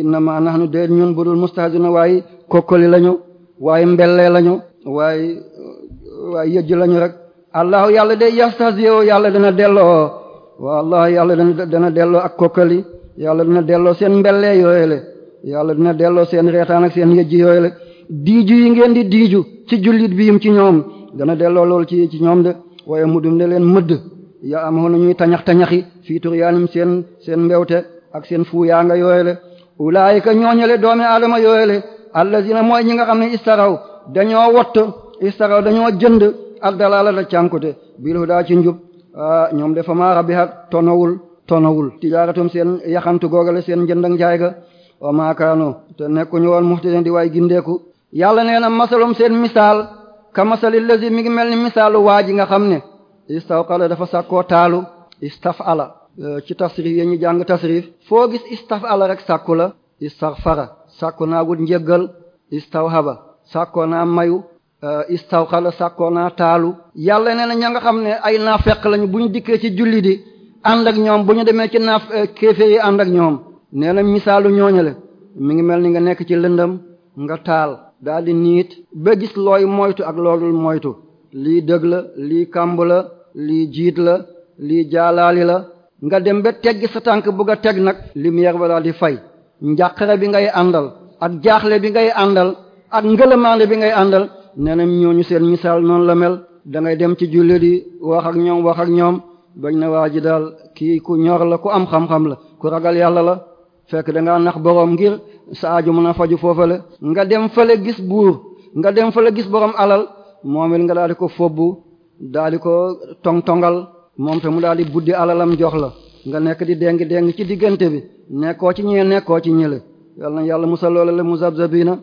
inna maa nax nu déet ñun budul na waaye kokkali lañu waaye mbelle lañu waaye waaye yëjj lañu rek allahu yàlla de yastazio yàlla dana delloo wallahi yàlla dana dana delloo ak kokkali yàlla dana delloo seen mbellee yooyele yàlla dina delloo seen reetaan ak seen yëjji yooyele diiju yi ngeen di diiju ci jullit biim ci ñoom dana delloo lool ci ci ñoom de waaye mudum ne leen mëdd ya amoon nañuy tañax tañaxi fii tur yaanim seen seen mbewte ak seen fuuyaa nga yooyele ulaayika ñooñale doomi aadama yooyele allazina mooy ñi nga xam ne istaraw dañoo wott istaraw dañoo jënd ak dalaala da cànkute bil hudaa ci Ah, ñoom de fa ma rabihat tonowul tonowul tijaaratum seen yaxantu googale seen njënd ak jaay ga wa ma kaanu te nekkuñu woon muhtadin di waay gindeeku yàlla nee na masalum seen misaal ka masalil lazi mi ngi mel ni misaalu waa ji nga xam ne istawqala dafa sàkkoo taalu istafala eh, ci tasrif yé ñu jàng tasrif foo gis istafala rek sàkku la istaghfara sàkku naa wut njéggal istawhaba sàkkoo naa mayu Euh, istawxana sàkkoona taalu yàlla nee na ña nga xam ne ay naafeq lañu bu ñu dikkee ci julli di ànd ak ñoom bu ñu demee ci naaf euh, kéefé yi ànd ak ñoom nee na misaalu ñooñale mi ngi mel ni nga nekk ci lëndëm nga taal daal di niit ba gis looy moytu ak loolul moytu lii dëgg la lii kàmb la lii jiit la lii jaalaali la nga dem ba teggi sa tànk bugg a teg nag lumière ba daal di fay njàqare bi ngay àndal ak jaaxle bi ngay àndal ak ngëlëmaande bi ngay àndal nee na ñooñu seen misaal noonu la mel dangay dem ci jullit di wax ak ñoom wax ak ñoom bañ na waa ji daal kii ku ñor la ku am xam-xam la ku ragal yàlla la fekk da nax boroom ngir sa aju mën a faju la nga dem fale gis buur nga dem fale gis boroom alal moom it nga daal di ko fobbu daal di ko tong-tongal moom te mu daal di buddi alalam jox la nga nekk di déng déng ci diggante bi nekkoo ci ñee nekkoo ci ñële yàlla na yàlla musal la muzabzabina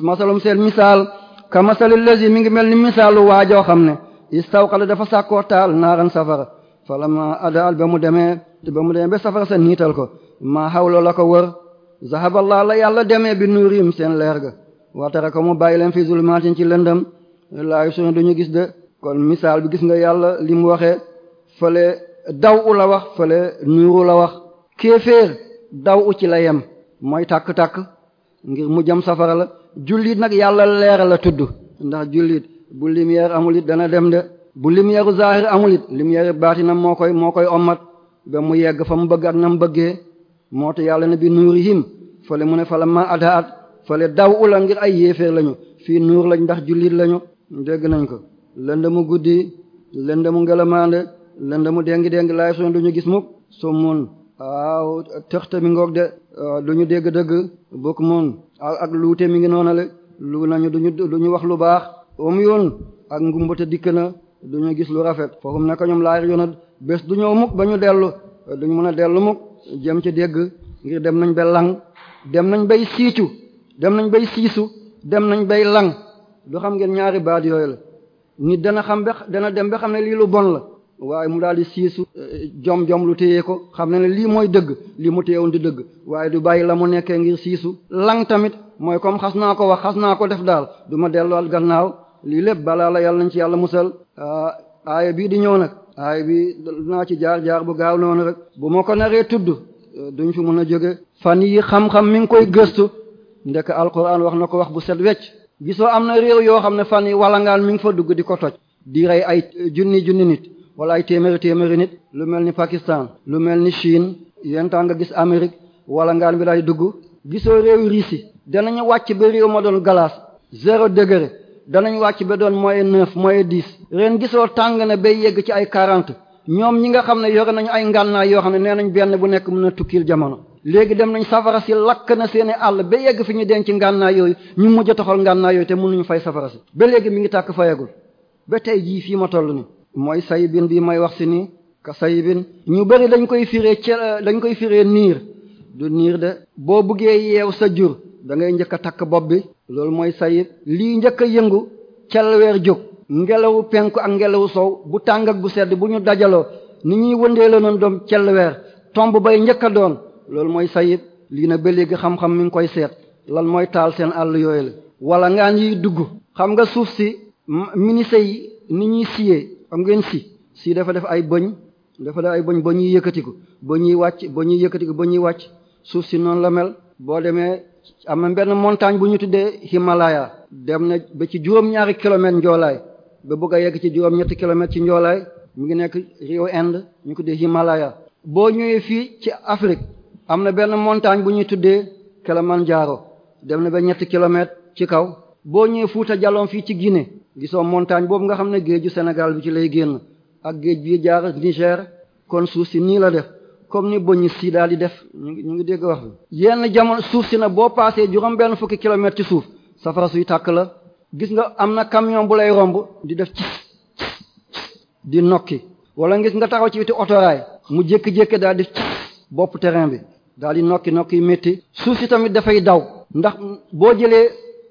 masalum seen ka masali lazi mi ngi mel ni misaalu waajoo xam ne istawqala dafa sàkkoo taal naaran safara falamma adaal ba mu demee ba mu demee ba safara sa niital ko maa hawla la ko wër zahaballaa la yàlla demee bi nuurim seen leer ga watara ko mu bàyyi leen fi zulmaatin ci lëndëm laa yusirun ñu gis de kon misaal bi gis nga yàlla li mu waxee fële daw u la wax fële nuuru la wax kéeféer daw u ci la yem mooy tàkk-tàkk ngir mu jëm safara la jullit nag yàlla leer la tudd ndax jullit bu lumière amul it dana dem de bu lumière u zahir amul it lumière baatinam moo koy moo koy ommat ba mu yegg fa mu bëgg ak na mu bëggee moo te yàlla na bi nuurihim fale mu ne fala ma adaat fale daw ula ngir ay yéeféer lañu fii nuur lañ ndax jullit lañu dégg nañ ko lënd mu guddi lëndëmu ngelamaande lëndëmu dengi dengi laay suñu duñu gis mukk su mun waaw tëxta mi ngoog de duñu dégg dëgg bokk mun ak luute mi ngi noona le lu nañu duñu duñu wax lu baax om yoon ak ngumbate dikk na duñu gis lu rafet foofu naka ñoom laar yoona bés du ñëw mukk ba ñu dellu duñu mën a dellu mukk jem ci dégg ngir dem nañ ba lang dem nañ bay siicu dem nañ bay siisu dem nañ bay lang du xam ngeen ñaari baat yooyu la nit dana xam ba dana dem ba xam ne lii lu bon la waaye mu daal di siisu eh, jom jom lu téye ko xam na ne lii mooy dëgg lii mu téyewoon di dëgg waaye du bàyyi la mu nekkee ngir siisu lang tamit mooy comme xas naa ko wax xas naa ko def daal du ma delluwaat gannaaw lii lépp balaa la yàlla nañ ci yàlla musal ah, aaye bii di ñëw nag aaya bi dinaa ci jaar jaar bu gaaw noonu rek bu ma ko naree tudd eh, duñ fi mën a jóge fan yi xam-xam mi ngi koy gëstu ndek alquran wax na ko wax bu set wecc gisoo am na réew yoo xam ne fan yi walangaan mi ngi fa dugg di ko di rey ay eh, junni junni nit wala ay téeméeri téeméeri nit lu mel ni Pakistan lu mel ni Chine yenn temps nga gis Amérique wala ngaan bi lay dugg gisoo réewu Russie danañu wàcc ba réew ma doon glace zéro degré danañ wàcc ba doon moins neuf moins dix ren gisoo tàng na bay yegg ci ay quarante ñoom ñi nga xam ne yore nañu ay ngànnaay yoo xam ne nee nañ benn bu nekk mën a tukkil jamono léegi dem nañ safara si lakk na seen i àll ba yegg fi ñu denc ngànnaay yooyu ñu mujj a toxal ngànnaay yooyu te mënuñu fay safara si ba léegi mi ngi tàkk fayagul ba tey jii fii ma toll nii mooy sayibin bi may wax si nii ka sayibin ñu bëri dañ koy firee ce dañ koy firee niir du niir de boo buggee yeew sa jur da ngay njëkk a takk bopp bi loolu mooy sayib lii njëkk a yëngu celweer jóg ngelawu penku ak ngelawu sow bu tàng bu sedd bu ñu dajaloo ni ñuy wëndeela noonu doom celweer tomb bay njëkk a doon loolu mooy sayib lii nag ba léegi xam-xam mi ngi koy seet lan mooy taal seen àll yooyu la wala ngaan yiy dugg xam nga suuf si ministres yi ni ñuy siyee am ngeen si si dafa def ay bëñ dafa def ay bëñ bëñ ñuy yëkkatiku bëñ yi wàcc bëñ yi yëkkatiku bëñ yi wàcc suuf si noon la mel boo demee am na benn montagne bu ñu tuddee Himalaya dem na ba ci juróom-ñaari kilomètres njoolaay ba bëgg a yegg ci juróom-ñetti kilomètres ci njoolaay mu ngi nekk réew Inde ñu tuddee Himalaya boo ñëwee fii ci Afrique am na benn montagne bu ñuy tuddee Kilimanjaro dem na ba ñetti kilomètres ci kaw boo ñëwee Fuuta jaloon fii ci gine gisoo montagne boobu nga xam ne géeju Sénégal bi ci lay génn ak géej bi jaar Niger kon suuf si nii la def comme ni bëñ si daal di def ñu ngi dégg wax bi yenn jamono suuf si na boo paasee juróom benn fukki kilomètre ci suuf safara suy tàkk la gis nga am na camion bu lay romb di def ci di nokki wala ngis nga taxaw ci witi otoraay mu jékki-jékki daal di bopp terrain bi daal di nokki nokki métti suuf si tamit dafay daw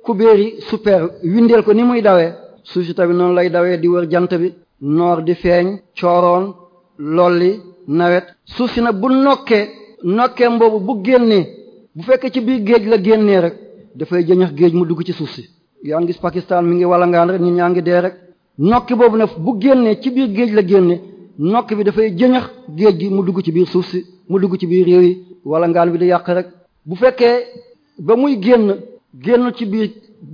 kubéeri super windeel ko ni muy dawee suuf si tamit noonu lay dawee di wër jant bi noor di feeñ cooroon lolli nawet suuf si nag bu nokkee nokkeem boobu bu génnee bu fekkee ci biir géej la génnee rek dafay jëñax géej mu dugg ci suuf si yaa ngi gis Pakistan mi ngi walangaan rek nit ñaa ngi dee rek nokki boobu nag bu génnee ci biir géej la génnee nokk bi dafay jëñax géej gi mu dugg ci biir suuf si mu dugg ci biir réew yi walangaan bi di yàq rek bu fekkee ba muy génn génn ci biir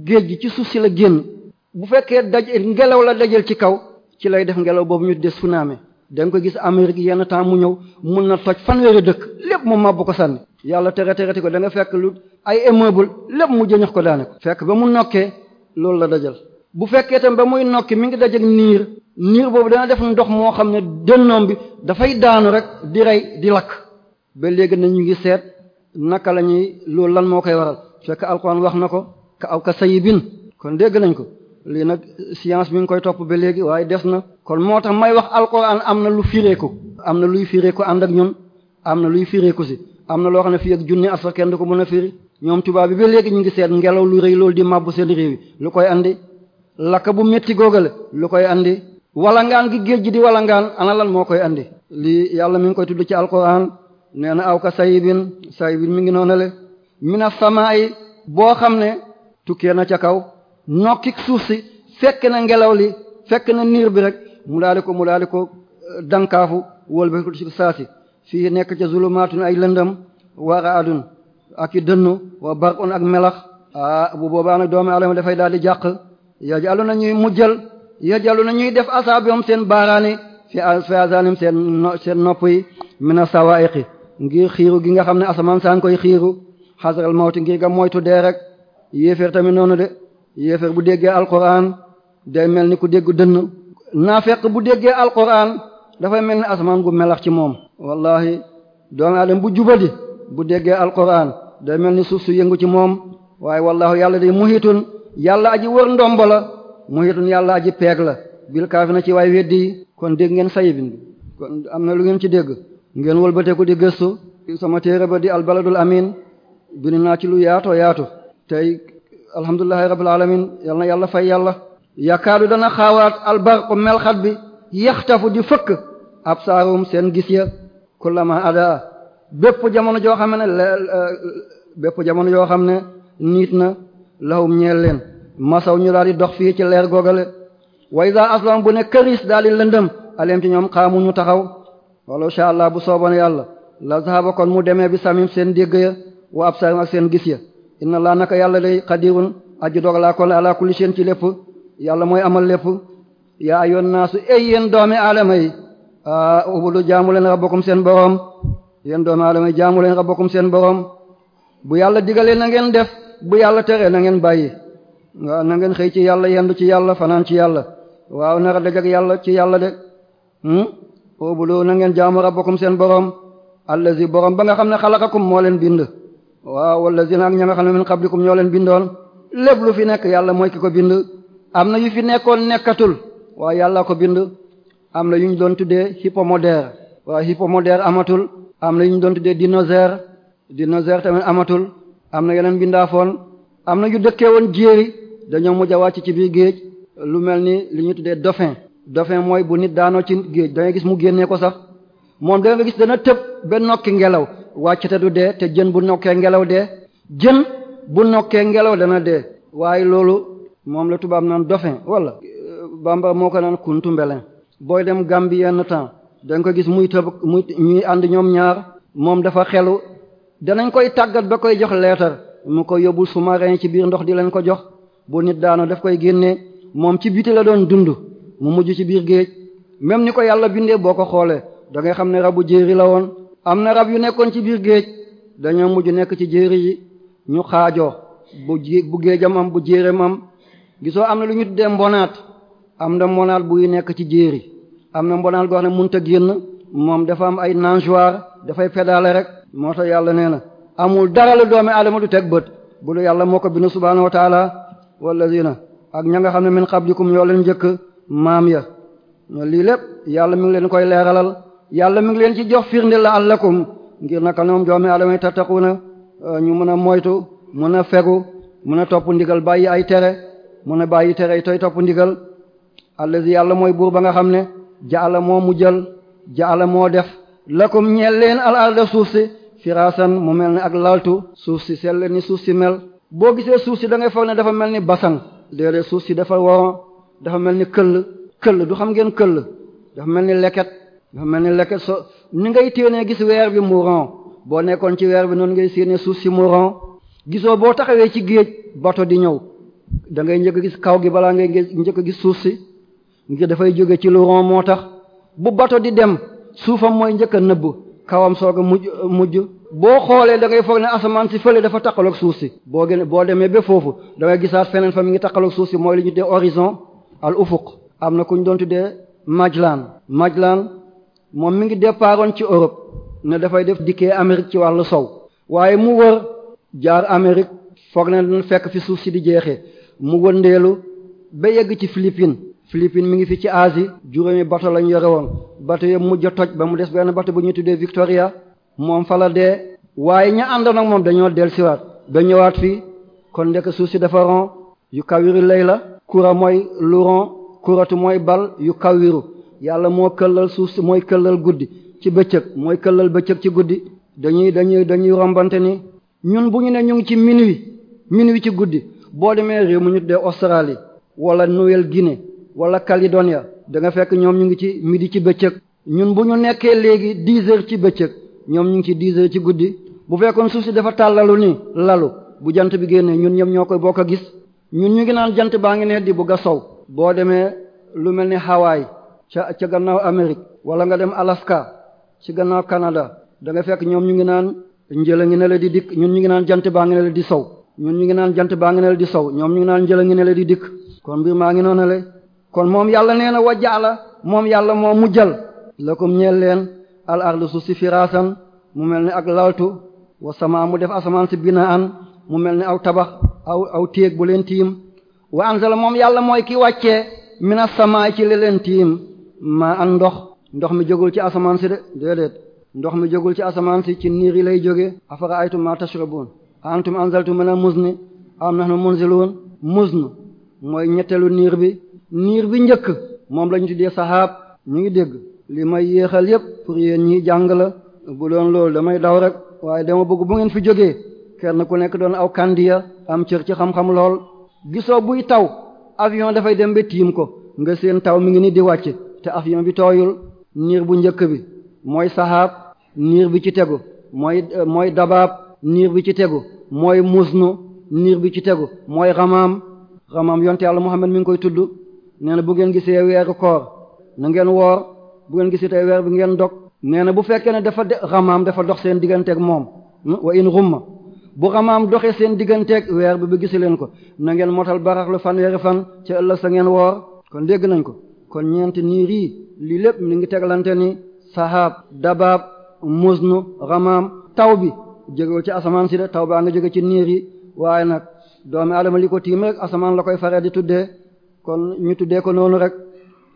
géej gi ci suuf si la génn bu fekkee daj ngelaw la dajal ci kaw ci lay def ngelaw boobu ñu des naa me nga ko gis Amérique yenn temps mu ñëw mun na toj fanweeri dëkk lépp mu màbb ko sànni yàlla tere tereti ko danga nga fekk lu ay immeuble lépp mu jëñax ko daane ko fekk ba mu nokkee loolu la dajal bu fekkee tam ba muy nokki mi ngi dajeg niir niir boobu dana def ndox moo xam ne dënnoom bi dafay daanu rek di rey di lakk ba léegi na ñu ngi seet naka la ñuy loolu lan moo koy waral fekk alquran wax na ko ka aw ka sayibin kon dégg nañ ko lii nag science mi ngi koy topp ba léegi waaye des na kon moo tax may wax alquran am na lu fireeku am na luy fireeku ànd ak ñun am na luy fireeku si am na loo xam ne fii ak junni asra kenn du ko mën a firi ñoom tubaab bi ba léegi ñu ngi seet ngelaw lu rëy loolu di màbbu seen réew yi lu koy andi lakk bu métti góogale lu koy andi walangaan gi géej gi di ngaan ana lan moo koy andi lii yàlla mi ngi koy tudd ci alquran nee na aw ka sayibin sayibin mi ngi noonale mina samaay boo xam ne tukkee na ca kaw nokkik suuf si fekk na ngelaw li fekk na niir bi rek mu daali ko mu daali ko euh, dankaafu wól ba ci saasi fii nekk ca zulumaatun ay lëndëm waara adun ak i dënnu wa bar on ak melax a ah, bu boobaa nag doomu adama dafay daal di jàq yajalu na ñuy mujjal yajalu na ñuy def asaabihum seen baaraani fi azaanim seen seen nopp yi mina sawaiqi ngir xiiru gi nga xam ne asamaan saan koy xiiru xasaral mawti ngir nga moytu dee rek yéeféer tamit noonu de yéeféer bu déggee alquran day mel ni ku dégg dënn naafeq bu déggee alquran dafay mel ni asamaan gu melax ci moom wallahi doomu aadama bu jubadi bu déggee alquran day mel ni suuf su yëngu ci moom waaye wallaahu yàlla day muhitun yàlla aji wër ndombo la muhitun yàlla aji peeg la bil kaafi na ci waay weddi yi kon dégg ngeen sayibin bi kon am na lu ngeen ci dégg ngeen wëlbateeku di gëstu sama téere ba di albaladul amin bind naa ci lu yaatoo yaatu tey alhamdulillahi rabbil alamin yal na yàlla fay yàlla yakaadu dana xaawaat albarqu melxat bi yaxtafu di fëkk ab saarum seen gis ya kullama adaa bépp jamono joo xam ne bépp jamono yoo xam ne niit na lahum ñeel leen masaw ñu daal di dox fii ci leer googale way iza aslam bu ne këris daal di lëndëm aleem ci ñoom xaamu ñu taxaw wala insha allah bu sooboon yàlla la zahaba kon mu demee bi samim seen dégg ya wa absaarim ak seen gis ya inna laa naka yàlla day xadirun aji dog laa kon ala ci lépp yàlla mooy amal lépp yaa ayoon naasu ey yéen doomi aadama yi ubudu jaamu leen bokkum seen boroom yéen doomi aadama yi jaamu leen bokkum seen boroom bu yàlla digalee na ngeen def bu yàlla teree na ngeen bàyyi waaw na ngeen xëy ci yàlla yendu ci yàlla fanaan ci yàlla waaw nara dajak yàlla ci yàlla de hmm? ubudu na ngeen jaamu bokkum seen boroom allazi boroom ba nga xam ne xalaqakum moo leen bind waaw wallazina ak ña nga xam ne min qablikum ñoo leen bindoon lépp lu fi nekk yàlla mooy ki ko bind am na yu fi nekkoon nekkatul waa yàllaa ko bind am na yu ñu doon tuddee hippomodère waaw hippomodère amatul am na yu ñu doon tuddee dinosaure dinosaure tamit amatul am na yeneen bindaafoon am na yu dëkkee woon jéeri dañoo mu jawaat ci biir géej lu mel ni li ñu tuddee dauphin dauphin mooy bu nit daanoo ci géej da gis mu génnee ko sax moom da nga gis dana tëb nokki ngelaw wàcc te du dee te jën bu nokkee ngelaw dee jën bu nokkee ngelaw dana dee waaye loolu moom la tubaab naan dauphin wala bamba moo ko naan kuntu mbelin booy dem Gambie yenn temps dañ ko gis muy tëb muy ñuy ànd ñoom ñaar moom dafa xelu danañ koy tàggat ba koy jox leetar mu ko yóbbul sous-marin ci biir ndox di leen ko jox bu nit daanoo daf koy génnee moom ci biti la doon dund mu mujj ci biir géej même ni ko yàlla bindee boo ko xoolee da xam ne rabu jéeri la woon am na rab yu nekkoon ci biir géej dañoo mujj nekk ci jéeri yi ñu xaajoo bu bu géejam am bu jéeram am gisoo am na lu ñu tuddee mbonaat am na mbonaat buy nekk ci jéeri am na mbonaat goo ne mënut a génn moom dafa am ay nageoire dafay pédale rek moo tax yàlla nee na amul dara lu doomi aadama du teg bët bu lu yàlla moo ko bind subhaanahu wa taala wallazina ak ña nga xam ne min qablikum yoo leen njëkk maam ya lii lépp yàlla mi ngi leen koy leeralal yàlla mi ngi leen ci jox firnde la allakum ngir naka ñoom doomi aadama yi tattaquuna euh, ñu mën a moytu mën a fegu mën a topp ndigal bàyyi ay tere mën a bàyyi tere tey topp ndigal allazi yàlla mooy buur ba nga xam ne jaala moo mu jël jaala moo def lakum ñeel leen al arda suuf si firaasan mu mel ne ak laltu suuf si sell ni suuf si mel boo gisee suuf si da ngay foog ne dafa mel ni basan déedéet suuf si dafa waron dafa mel ni këll këll du xam ngeen këll nga mel ni lekk so ni ngay téenee gis weer bi mouron boo nekkoon ci weer bi noonu ngay séenee suuf si mouron gisoo boo taxawee ci géej bato di ñëw da ngay njëkk gis kaw gi balaa ngay njëkk gis suuf si ngir dafay jóge ci lu moo tax bu bato di dem suufam mooy njëkk a nëbb kawam soog a mujj mujj boo xoolee dangay ngay foog ne asamaan si fële dafa taqaloog suuf si boo gën boo demee ba foofu dangay ngay gisaat feneen fa mi ngi taqaloog suuf si mooy li ñu tuddee horizon al ufuq am na ku ñu doon tuddee Majlan Majlan moom mi ngi deppaaroon ci Europe ne dafay def dikkee Amérique ci wàllu sow waaye mu wër jaar Amérique foog na dina fekk fi suuf si di jeexee mu wëndeelu ba yegg ci Philippines Philippines mi ngi fi ci Asie juróomi bato lañ yore woon bato yëpp mujj a toj ba mu des benn bato bu ñu tuddee Victoria moom fa la dee waaye ña àndoon ak moom dañoo dellusiwaat ba ñëwaat fi kon ndekk suuf si dafa ron yu kawiru lay la kura mooy lu ron kuratu mooy bal yu kawiru yàlla moo këllal suuf si mooy këllal guddi ci bëccëg mooy këllal bëccëg ci guddi dañuy dañuy dañuy rombante ni ñun bu ñu ne ñu ngi ci minuit minuit ci guddi boo demee réew mu ñu tuddee Australie wala Nouvelle-Guinée wala Caledonia da nga fekk ñoom ñu ngi ci midi ci bëccëg ñun bu ñu nekkee léegi dix heures ci bëccëg ñoom ñu ngi ci dix ci guddi bu fekkoon suuf si dafa tàllalu nii lalu bu jant bi génnee ñun ñëpp ñoo ko boo a gis ñun ñu ngi naan jant baa ngi ne di bugg a sow boo demee lu mel ni Hawaï ca ca gannaaw Amérique wala nga dem Alaska ci gannaaw Canada da nga fekk ñoom ñu ngi naan njëla ngi ne la di dikk ñun ñu ngi naan jant baa ngi ne la di sow ñun ñu ngi naan jant baa ngi ne la di sow ñoom ñu ngi naan njëla ne la di dikk kon mbir maa ngi noonu le kon moom yàlla nee na wajjaala moom yàlla moo mujjal lakum ñeel leen al ardu suuf si firaasan mu mel ni ak laltu wa sama mu def asamaan si an mu mel ni aw tabax aw aw téeg bu leen tiim wa moom yàlla mooy ki wàccee mina samaay ci li leen tiim maa am ndox ndox mi jógul ci asamaan si de déedéet ndox mi jógul ci asamaan si ci niir yi lay jóge afara aytum ma tashrabun antum anzaltum min al-muzni am nahnu munzilun muzn mooy ñetteelu niir bi niir bi njëkk moom lañu ñu tuddee sahaab ñu ngi dégg li may yéexal yépp pour yéen ñi jàng la bu doon loolu damay daw rek waaye dama bëgg bu ngeen fi jógee kenn ku nekk doon aw kandiya am cër ci xam-xam lool gisoo buy taw avion dafay dem ba tiim ko nga seen taw mi ngi ni di wàcce te afiyam bi tooyul niir bu njëkk bi mooy saxaab niir bi ci tegu mooy mooy dabaab niir bi ci tegu mooy musnu niir bi ci tegu mooy ramaam ramaam yonte yàlla Muhammad mi ngi koy tudd nee bu ngeen gisee weeru koor na ngeen woor bu ngeen gisee tey weer bi ngeen dog nee na bu fekkee ne dafa de ramaam dafa dox seen digganteeg moom hmm, wa in rumma bu ramaam doxee seen digganteeg weer bi ba gise leen ko na ngeen motal baraxlu fanweeri fan ca ëllëg sa ngeen woor kon dégg nañ ko kon ñeenti niir yi lii lépp mu ngi tegalante ni sahaab dabaab musnu ramaam taw bi jegewul ci asamaan si de taw baa nga jóge ci niir yi waaye nag doomi adama li ko tiim rek asamaan la koy faree di tuddee kon ñu tuddee ko noonu rek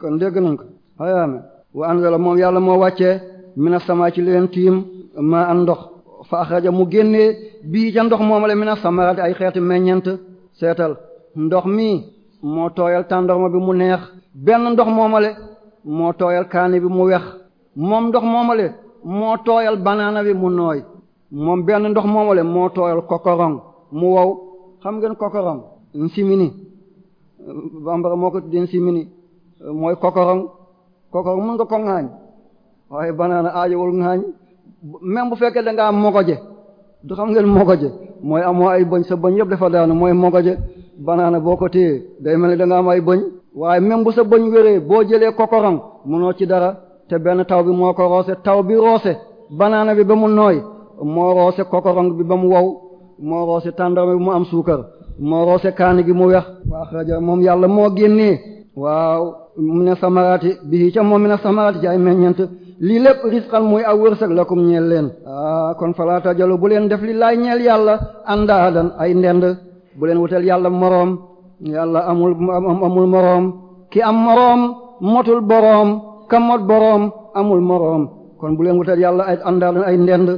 kon dégg nañ ko ayaame wa anzala moom yàlla moo wàccee na sama ci leen tiim ma an ndox fa axraja mu génnee bii ca ndox moomale mina samaraati ay xeeti meññent seetal ndox mi moo tooyal tàndorma bi mu neex benn ndox moomale moo tooyal kaani bi mu wex moom ndox moomale moo tooyal banaana bi mu nooy moom benn ndox moomale moo tooyal kokorong mu wow xam ngeen kokorong nsimini bambara moo ko tuddee nsimini mooy kokorong kokorong mën nga ko ŋaañ waaye banaana aajowul ŋaañ même bu fekkee da nga am mogoje du xam ngeen mogoje mooy amoo ay bëñ sa bëñ yëpp dafa daanu mooy mogoje banaana boo ko téye day mel ni da nga am ay bëñ waaye même bu sa bëñ wéree boo jëlee kokorong mënoo ci dara te benn taw bi moo ko roose taw bi roose banaana bi ba mu nooy moo roose kokorong bi ba mu wow moo roose tàndarma bi mu am suukar moo roose kaani gi mu wex waa xaraja moom yàlla moo génnee waaw mu ne samaraati bii ca moom mi ne samaraati ci ay meññent lii lépp risqan muy aw wërsëg lakum ñeel leen ah, kon falaata jalo bu leen def li laay ñeel yàlla àndaadan ay ndend bu leen wutal yàlla moroom yàlla amul amul moroom ki am moroom motul boroom ka mot boroom amul moroom kon bu leen wutal yàlla ay àndaal ay ndend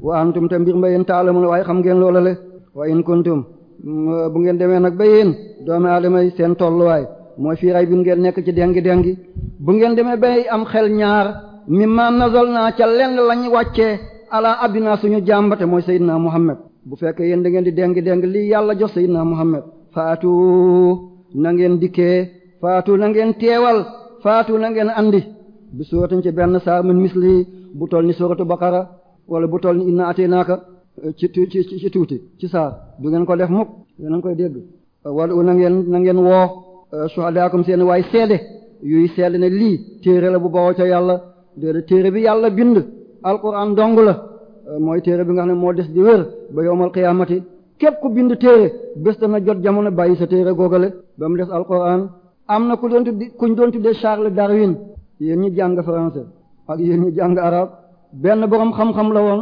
wa antum te mbir ma yéen taalamun waaye xam ngeen loola le wa in kuntum mm, bu ngeen demee nag ba yéen doomi aadama yi seen tolluwaay mooy fii ray bi ngeen nekk ci dengi dengi bu ngeen demee bay am xel ñaar mimma nazalna ca lenn lañ wàccee ala abdina suñu jàmbate mooy Seydina Muhammad bu fekkee yéen da ngeen di dengi dengi lii yàlla jox Seydina Muhammad faatu na ngeen dikkee faatu na ngeen teewal faatu na ngeen andi bi suuratin ci benn saar min misli bu toll ni suuratu baqara wala bu toll ni inna ataynaaka ci ci ci tuuti ci saar du ngeen ko def mukk yéen koy dégg wala na ngeen na ngeen woo euh, suhadaakum seen waaye seede yuy seede na lii téere la bu bawoo ca yàlla déedéet téere bi yàlla bind alquran dong la euh, mooy téere bi nga xam ne moo des di wér ba yowmal qiyaamati képp ku bind téere bés dana jot jamono bàyyi sa téere googale ba mu des alquran am na ku doon tuddi kuñ doon tuddee Charles Darwin yéen ñi jàng français ak yéen ñi jàng arab benn boroom xam-xam la woon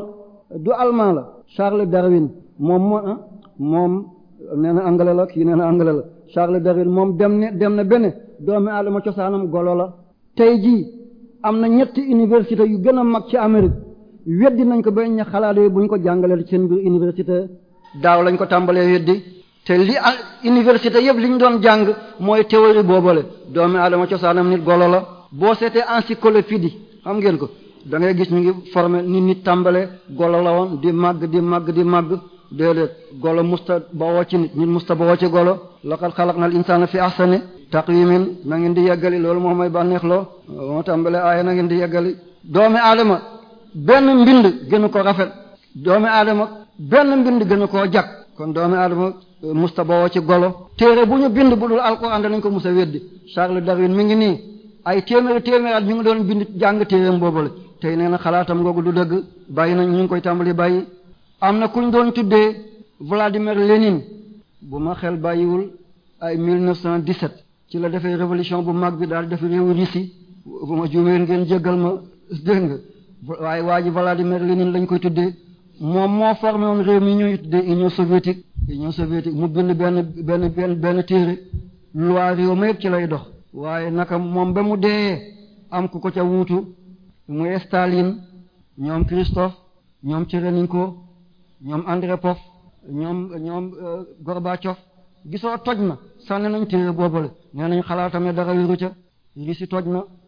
du allemand la Charles Darwin moom ah, moom nee na anglais la kii nee na anglais la Charles Darwin moom dem ne dem na benn doomi aadama cosaanam golo la tey jii am na ñetti université yu gën a mag ci Amérique weddi nañ ko ba ña xalaat yooyu bu ñu ko jàngalee seen biir daaw lañ ko tàmbalee weddi te li université yëpp li ñu doon jàng mooy théorie boobale doomi aadama cosaanam nit golo la boo seetee encyclopédie xam ngeen ko da gis ñu ngi formé nit nit tàmbalee golo la woon di màgg di màgg di màgg déedéet golo musta bawoo ci nit nit musta bawoo ci golo laqad xalaqnal insaana fi ahsani taqwimin na ngeen di yeggali loolu moo may bànneex loo moo tàmbalee aaya na ngeen di yeggali doomi aadama benn mbind gënu ko rafet doomi aadama benn mbind gën a koo jag kon doomi aadama eh, musta bawoo ci golo téere bu ñu bind bu dul alxuraan nañ ko musa weddi Charles Darwin mi ngi nii ay téeméeri téeméeri at ñu ngi doon bind jàng téereem la tey nee na xalaatam googu du dëgg bàyyi nañ ñu ngi koy tàmbali bàyyi am na ñu doon tuddee Vladimir Lénine bu ma xel bàyyiwul ay 1917 ci la defee révolution bu mag bi daal def réewu Russie bu ma juumee ngeen jéggal ma dégg nga waaye waa ji Vladimir Lénine lañ koy tuddee moom moo formé woon réew mi ñuy tuddee union soviétique union soviétique mu bind benn benn benn benn téere loi réew ma ci lay dox waaye naka moom ba mu dee am ku ko ca wuutu muy Staline ñoom Christophe ñoom Tchereninko ñoom Andropov ñoom ñoom euh, Gorbatchev gisoo toj na sànni nañ téere boobale nee nañ xalaatam ne dara wéru ca Russie toj na